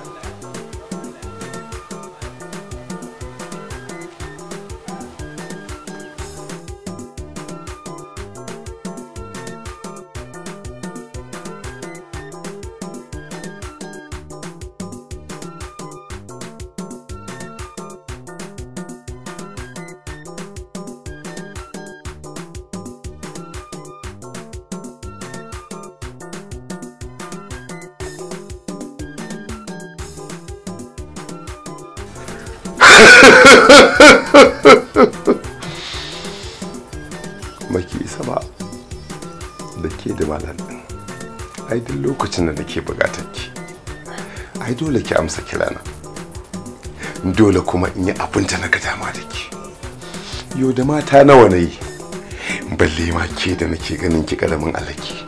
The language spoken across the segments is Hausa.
Thank you. baki isa ba da ke da malam ai duk lokacin da nake bukatar ki ai dole ki amsa kirana dole kuma in yi abin da na dama da ki yau da mata nawa na yi balle ma ke da nake ganin ki karamin alaki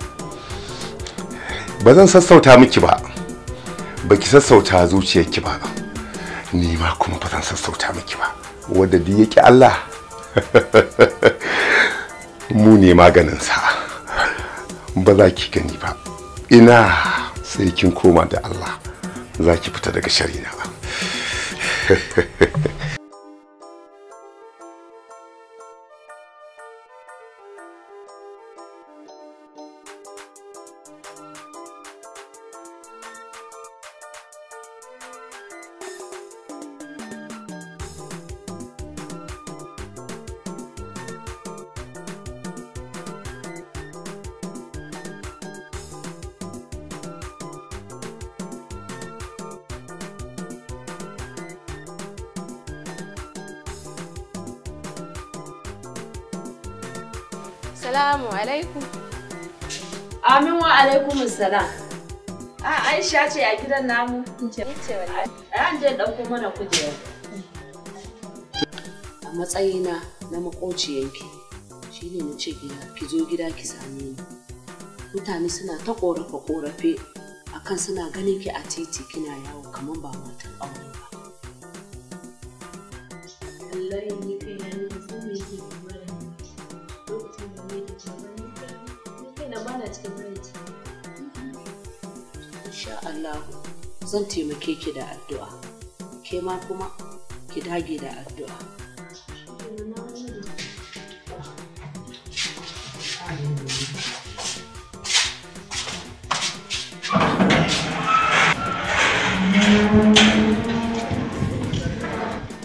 ba zan sassauta miki ba baki sassauta zuciyarki ba ni ma kuma sassauta miki ba wanda duk yake Allah mu ne maganin sa ba za ki gani ba ina sai kin koma da Allah za ki fita daga sharina. ce a gidan namu? Ni wallahi. je dauko mana kujera. A matsayina na makociyanki shine na ce gida ki zo gida ki same ni. Mutane suna ta ƙorafe korafe akan suna ganin ki a titi kina yawo kamar ba matan aure ba. Wallahi ni kai na ne Allah zan taimake ki da addu'a ke ma kuma ki dage da addu'a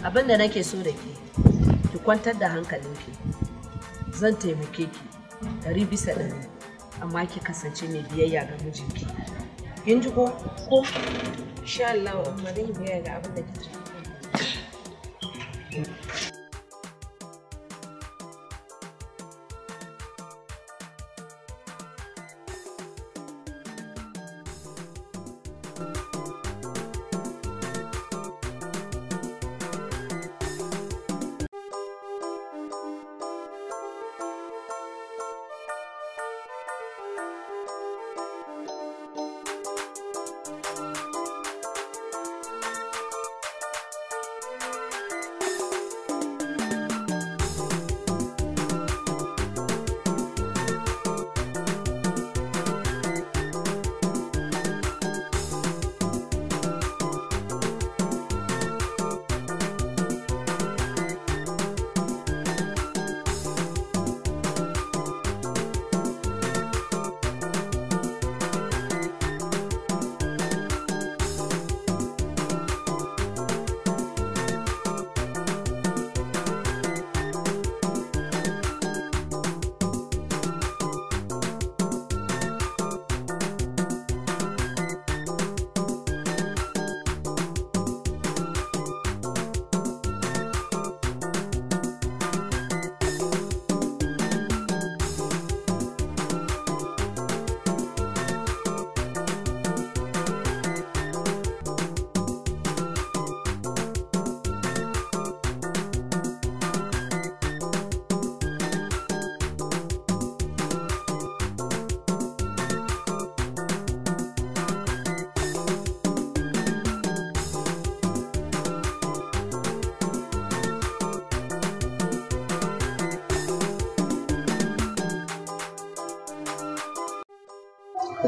abin da nake so da ke ki kwantar da hankalinki zan taimake ki ɗari bisa ɗari amma ki kasance mai biyayya ga mijinki Yanzu ji ko ko insha Allah umma biya ga abin da kike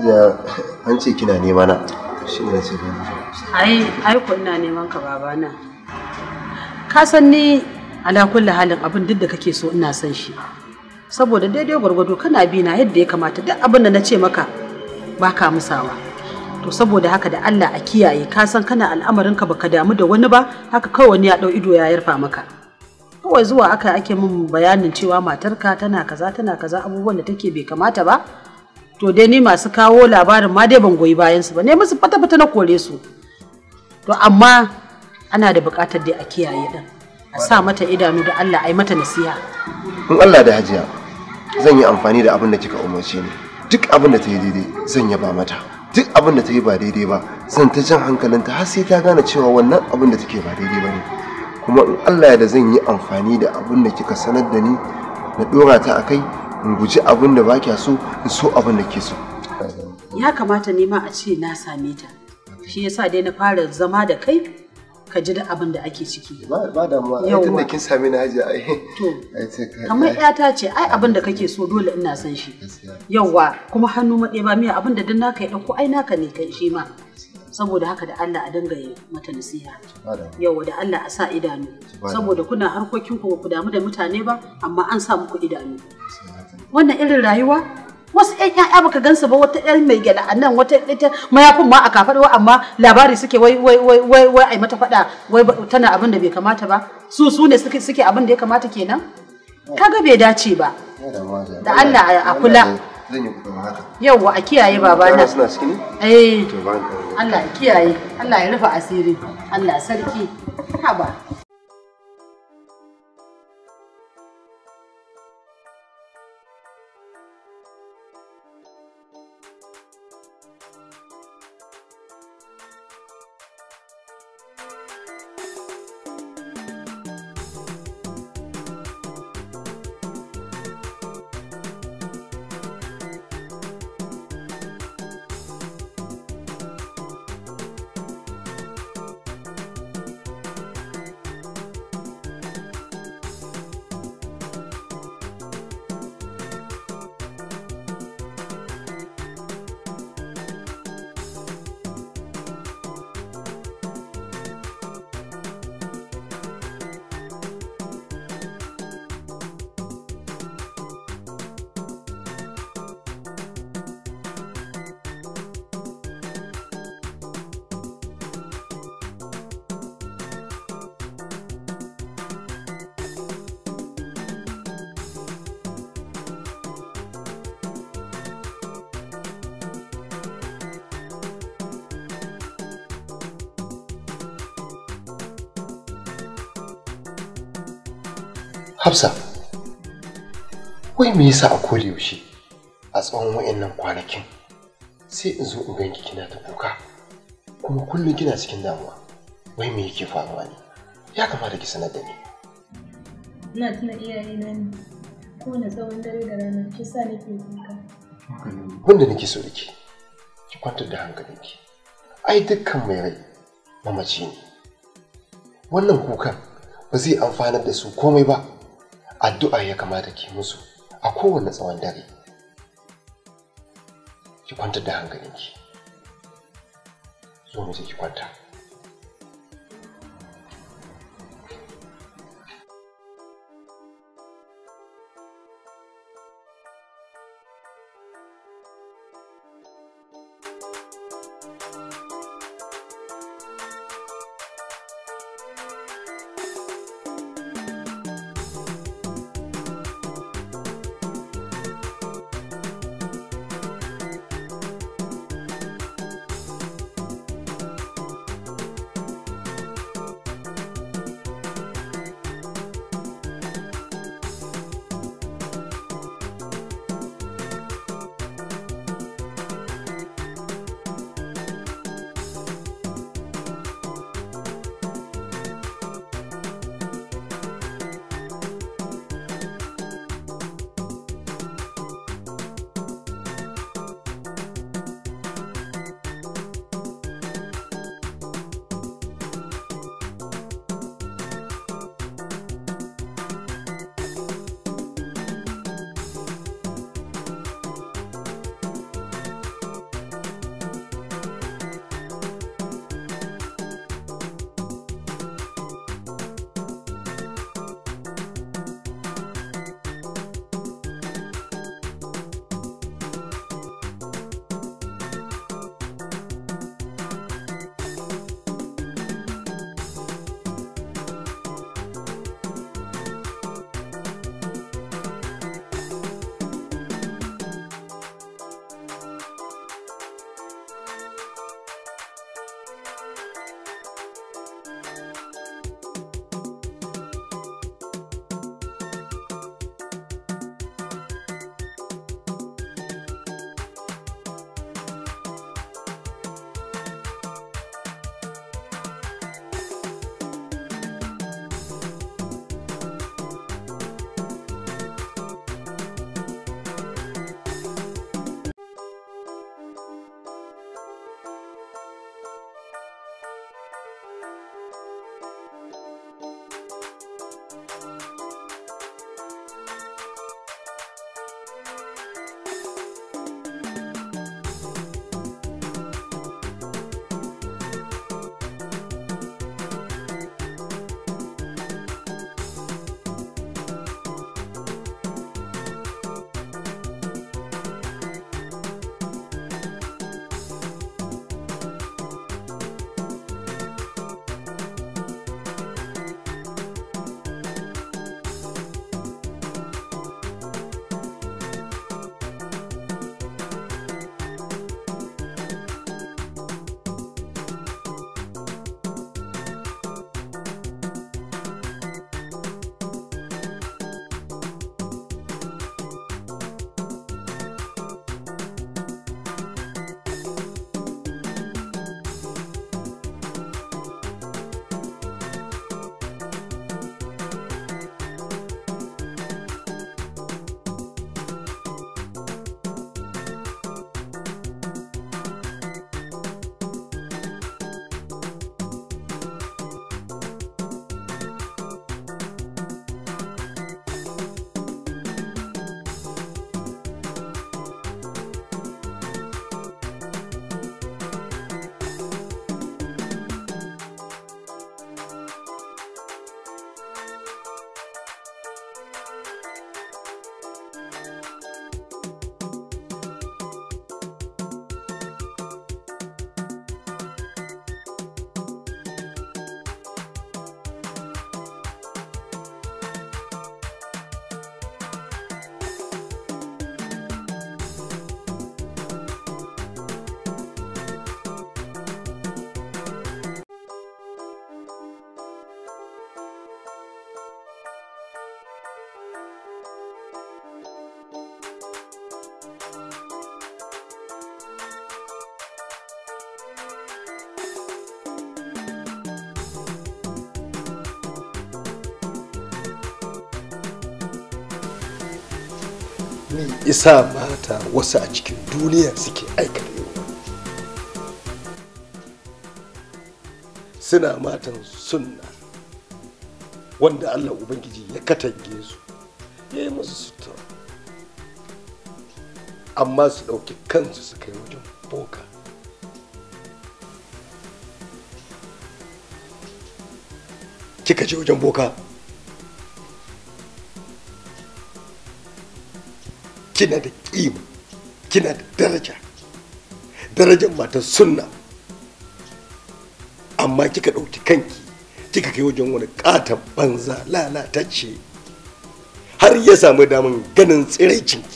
hajiya an ce kina nema na shi ne ai ai ina neman ka baba na ka san ni ala kulli halin abin duk da kake so ina san shi saboda daidai gwargwado kana bi na yadda ya kamata duk abin da na ce maka baka musawa to saboda haka da Allah a kiyaye ka san kana al'amarin ka baka damu da wani ba haka kawai wani ya dau ido ya yarfa maka kawai zuwa aka ake min bayanin cewa matarka tana kaza tana kaza abubuwan da take bai kamata ba to dai ni masu kawo labarin ma dai ban goyi bayan su ba ne musu fata fata na kore su to amma ana da buƙatar dai a kiyaye din a sa mata idanu da Allah ai mata nasiha in Allah da hajiya zan yi amfani da abin da kika umarce ni duk abin da ta yi daidai zan yaba mata duk abin da ta yi ba daidai ba zan ta jan hankalinta har sai ta gane cewa wannan abin da take ba daidai ba ne kuma in Allah ya da zan yi amfani da abin da kika sanar da ni na dora ta kai. in guji abin da ba kya so in so abin da ke so ya kamata ne ma a ce na same ta shi yasa dai na fara zama da kai ka ji da abin da ake ciki ba damuwa ai tun da kin same na haji ai to kamar ta ce ai abin da kake so dole ina son shi yawwa kuma hannu maɗe ba miya abin da duk naka ya ɗauko ai naka ne kai shi ma saboda haka da Allah a dinga yi mata nasiha yawwa da Allah a sa idanu saboda kuna harkokin ku ku damu da mutane ba amma an sa muku idanu wannan irin rayuwa wasu ƴan ƴaƴa baka gansu ba wata ƴar mai gyada a nan wata ita mayafin ma a kafaɗo amma labari suke wai wai wai wai wai ai mata faɗa wai tana abin da bai kamata ba su su ne suke suke abin da ya kamata kenan kaga bai dace ba da Allah a kula zan a kiyaye babana suna eh Allah kiyaye Allah ya rufe asiri Allah sarki haba Hafsa, wai me yasa a koda yaushe a tsawon wa'annan kwanakin sai in zo in ganki kina ta kuka kuma kullum kina cikin damuwa wai me yake faruwa ne ya kamata ki sanar da ni. Ina tuna iyayena ne kowane tsawon dare da rana ki sa nake kuka. Wanda nake so da ke ki kwantar da hankalinki ai dukkan mai rai mamaci ne wannan kukan ba zai amfanar da su komai ba addu'a ya kamata ki musu a kowane tsawon dare ki kwantar da hankalinki zo mu ki kwanta ni isa mata wasu a cikin duniya suke yau suna matan sunna wanda allah ubangiji ya katange su ya yi musu sutura amma su ɗauki kansu su kai wajen boka kika je wajen boka kina da ƙima kina da daraja darajar matar sunna amma kika ɗauki kanki kika kai wajen wani ƙaton banza lalatacce har ya samu damin ganin tsiraicinki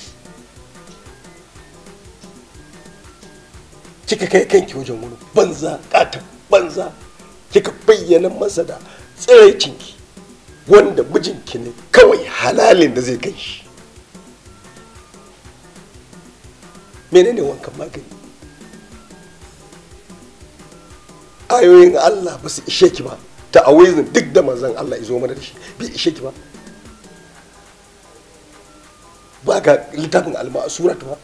kika kai kanki wajen wani banza ƙaton banza kika bayyana masa da tsiraicinki wanda mijinki ne kawai halalin da zai gan shi menene wankan magani ayoyin Allah ba su ishe ki ba ta awizin duk da manzan Allah izo mana da shi bi ishe ki ba ba ga littafin almasura ta ba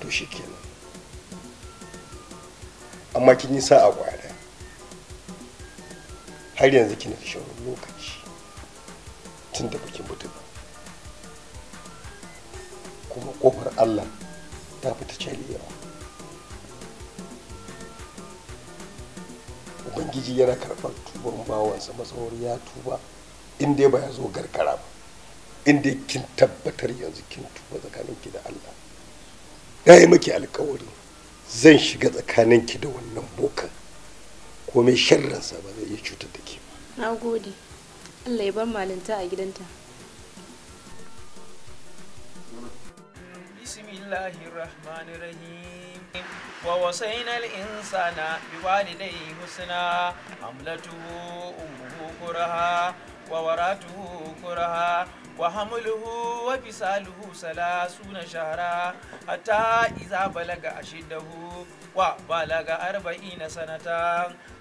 to shi kenan amma kin yi sa'a kwaya har yanzu kin fi shauran lokaci lokacin da kuke mutum kuma kofar allah ta fita yawa ubangiji yana karɓar tuban bawansa matsawar ya tuba inda dai ba ya zo garkara ba inda kin tabbatar yanzu kin tuba ki da allah ya yi maki alkawari zan shiga tsakanin ki da wannan bokan ko mai ba zai iya cutar da ke ba na Allah ya bar malinta a gidanta. Bismillahirrahmanirrahim. Wa wasaina al-insana biwalidayhi husna hamlatuhu ummuhu kuraha wa waratuhu salasuna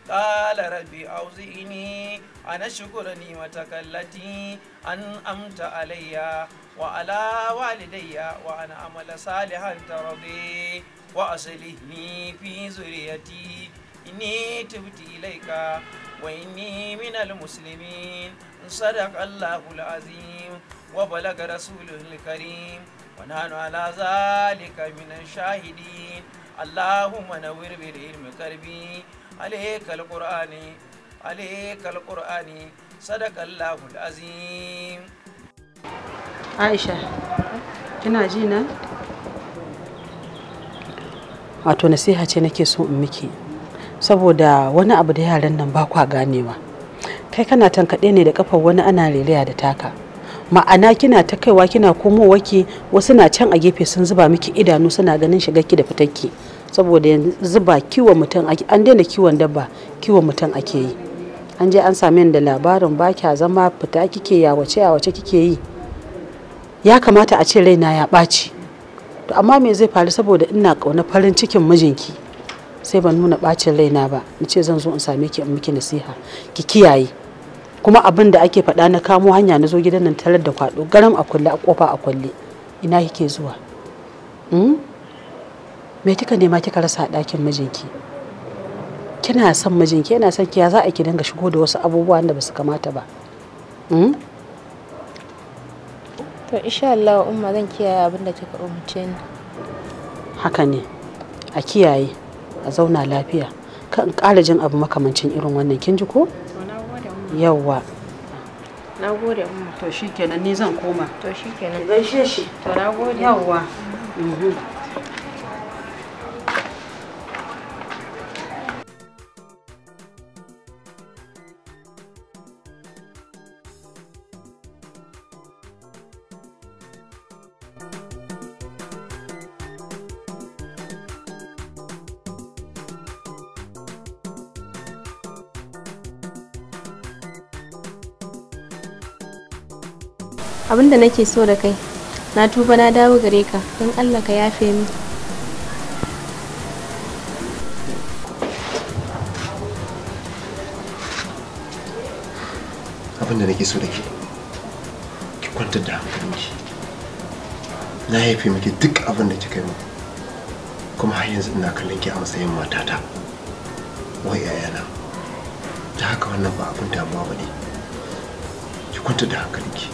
Kala rabbi a na ana shukura ni matakallati an amta alayya wa ala walidayya wa ana amala salihan tarabi wa aslihni fi zuriyati ini tubti ilayka wa inni min almuslimin صدق الله العظيم وبلغ رسوله الكريم ونحن على ذلك من الشاهدين اللهم نور بالعلم الكريم alaikal qur'ani alaikal qur'ani sadakallahu alazim Aisha kina ji na wato nasiha ce nake so in miki saboda wani abu da yaran nan ba kwa ganewa kai kana tankaɗe ne da kafar wani ana lelaya da taka ma'ana kina ta kaiwa kina komowa ki wasu na can a gefe sun zuba miki idanu suna ganin ki da fitarki saboda yanzu ba kiwon mutum ake an daina kiwon dabba kiwon mutum ake yi an je an same da labarin ba kya zama fita kike yawace yawace kike yi ya kamata a ce raina ya ɓaci to amma me zai faru saboda ina ƙauna farin cikin mijinki sai ban nuna ɓacin raina ba in ce zan zo in same ki in miki nasiha ki kiyaye kuma abin da ake faɗa na kamo hanya na zo gidan nan tarar da kwaɗo garam a kulle a ƙofa a kulle ina kike zuwa hmm? me kika nema kika rasa ɗakin mijinki kina son mijinki yana son kiya za a ki dinga shigo da wasu abubuwan da basu kamata ba hmm? to insha Allah umma zan kiyaye abin da kika umarce ni haka ne a kiyaye a zauna lafiya kan ƙara jin abu makamancin irin wannan kin ji ko yawwa na gode umma to shikenan ni zan koma to shikenan gaishe shi to na gode yawwa mhm. da nake so da kai na tuba na dawo gare ka don allah ka yafe min abin da nake so da ke ki kwantar da hankalinki na haife miki duk abin da kika yi min kuma har yanzu ina kallon ki a matsayin matata wai yayana ta haka wannan ba abin damuwa ba ne ki kwantar da hankalinki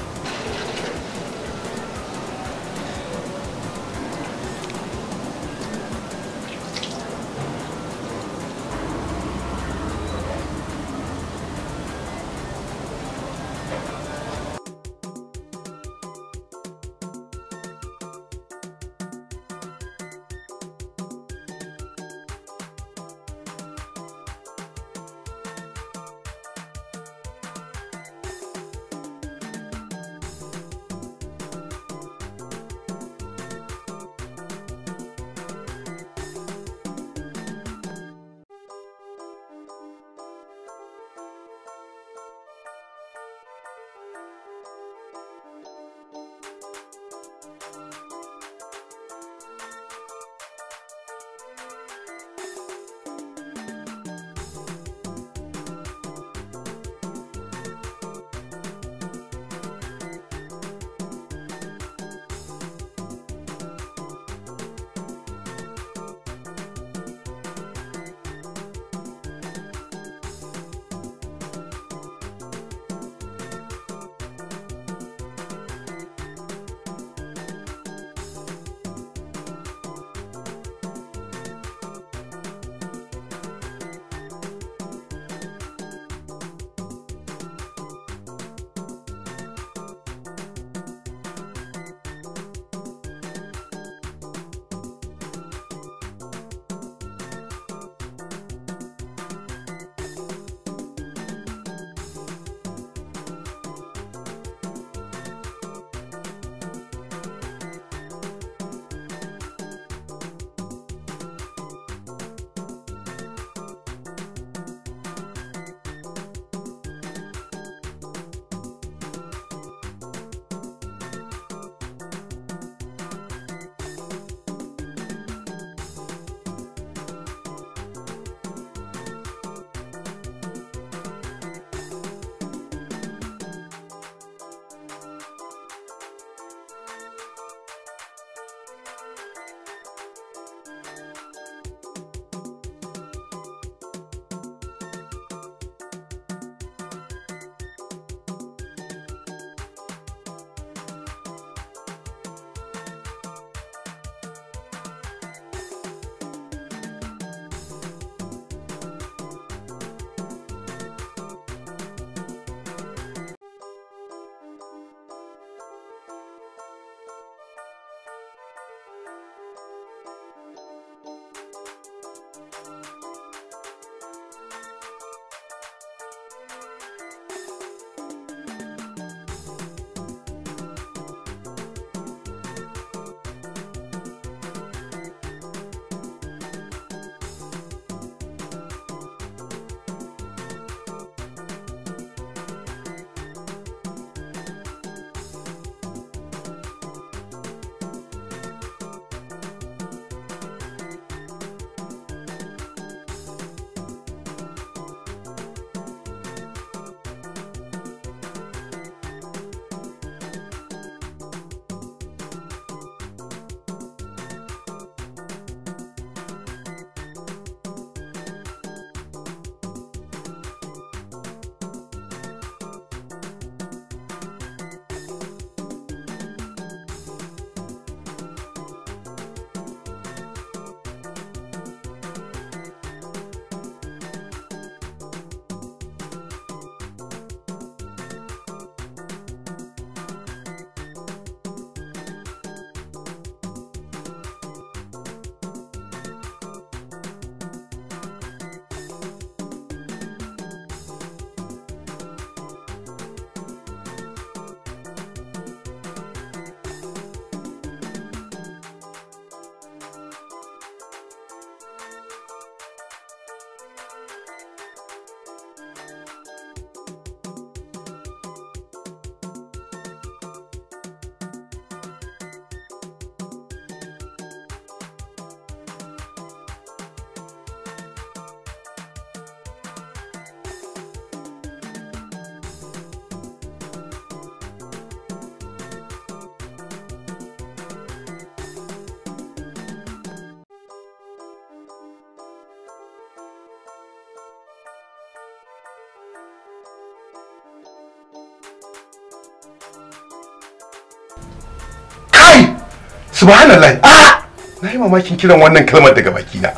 subhanallah ah na yi mamakin kiran wannan kalmar daga baki na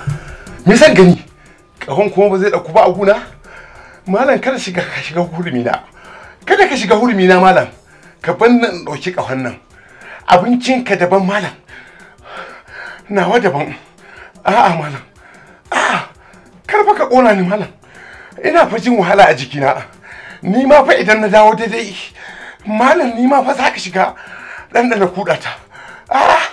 me san gani kahon kuma ba zai dauku ba a guna malam kada shiga ka shiga hurumi na kada ka shiga hurumi na malam ka ban nan dauki kahon nan abincin ka daban malam nawa daban a'a malam a'a kar fa ka kona ni malam ina fa jin wahala a jikina ni ma fa idan na dawo daidai malam ni ma fa za ka shiga ɗanɗana kuɗa ta ah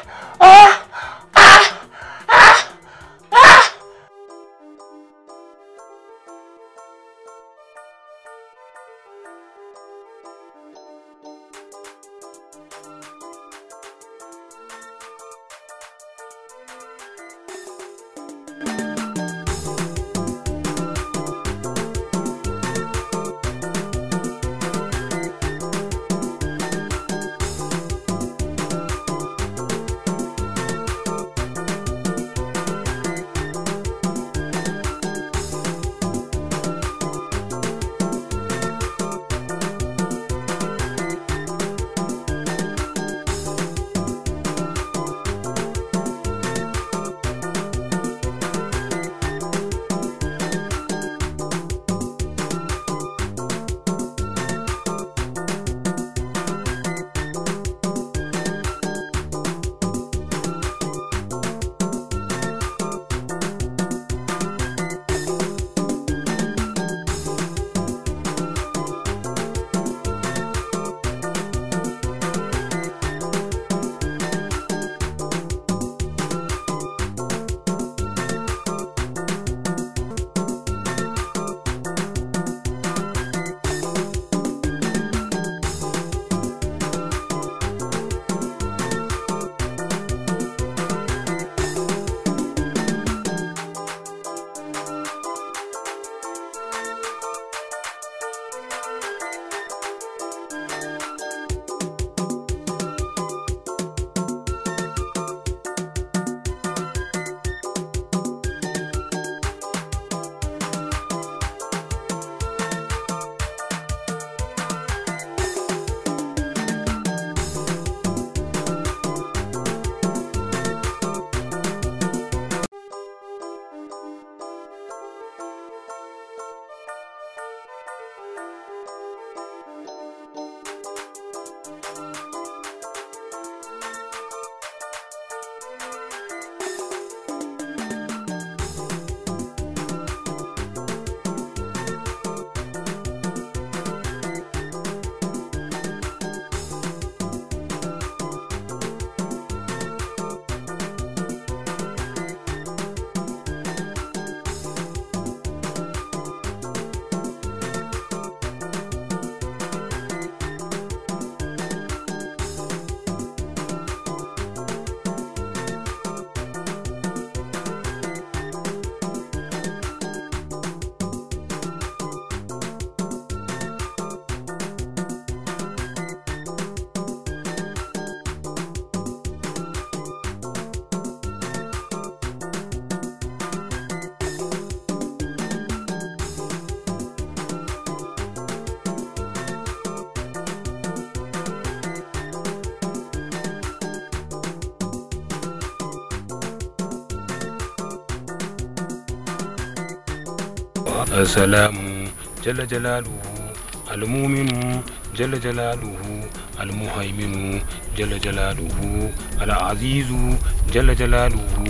assalamu jalla jalaluhu almuminu jalla jalaluhu almuhaiminu jalla jalaluhu alazizu jalla jalaluhu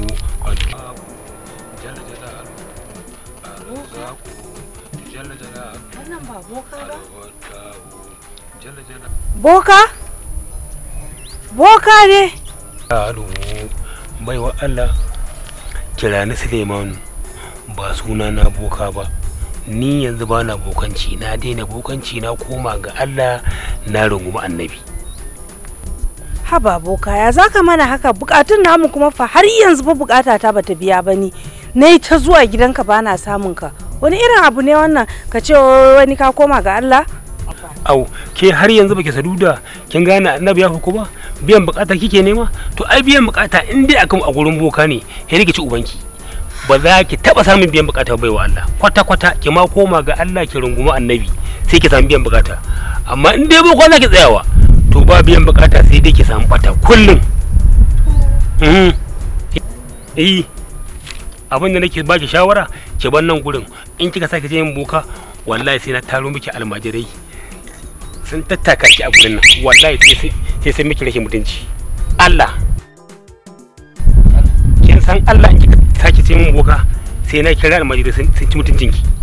boka boka ne baiwa allah kira ni ba suna na boka ba ni yanzu ba na bokanci na daina bokanci na koma ga Allah na rungumi annabi haba boka ya zaka mana haka bukatun namu kuma fa har yanzu ba bukata ta bata biya ba ni ta zuwa gidanka ba na samun ka wani irin abu ne wannan ka ce wani ka koma ga Allah au ke har yanzu baki saduda kin gane annabi ya ko ba biyan bukata kike nema to ai biyan bukata in dai akan a gurin boka ne he ki ci ubanki ba za ki taba samun biyan bukata bai wa Allah kwata kwata ki ma koma ga Allah ki runguma annabi sai ki samu biyan bukata amma in dai ba za ki tsayawa to ba biyan bukata sai dai ki samu bata kullum mm-hmm. eh abin da nake baki shawara ki bar nan gurin in kika sake yin boka wallahi sai na taro miki almajirai sun tattaka ki a gurin nan wallahi sai sai miki rashin mutunci Allah kin san Allah kika sake ce min boka sai na kira majalisar sun ci mutuncinki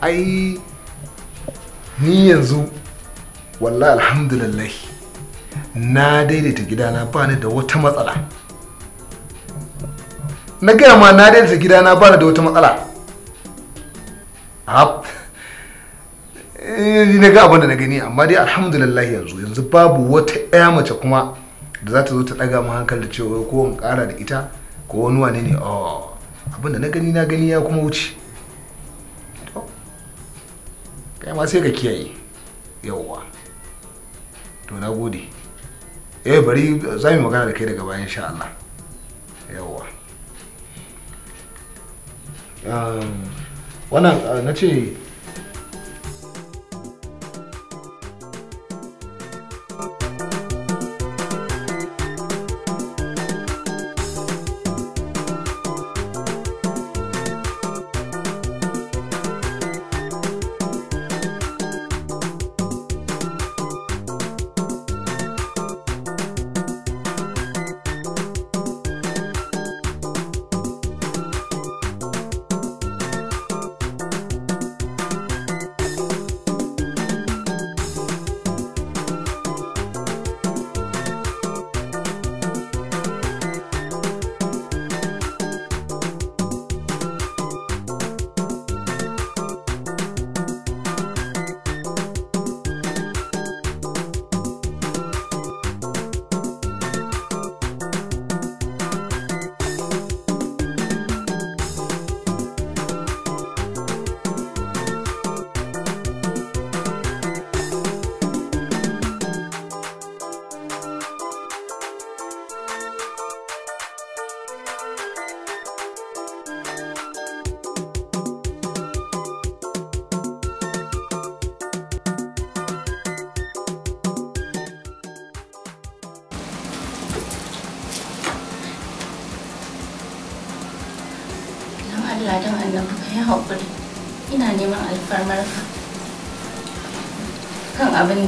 ai ni yanzu wallahi alhamdulillah na daidaita gidana ba ni da wata matsala na gaya ma na daidaita gidana ba ni da wata matsala ni na ga abin da na gani amma dai alhamdulillah yanzu yanzu babu wata ɗaya mace kuma da za ta zo ta ɗaga ma hankali da cewa ko in ƙara da ita ko wani wane ne oh, abin da na gani na gani ya kuma wuce kai ma sai ka kiyaye yawwa. to na gode eh bari za mu magana da kai daga bayan insha Allah um, wannan ah, na ce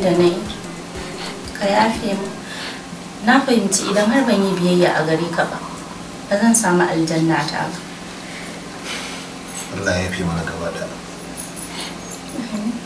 da na yi ka mu na fahimci idan har ban yi biyayya a gare ka ba ba zan samu aljanna ta ba Allah ya fi mana gaba da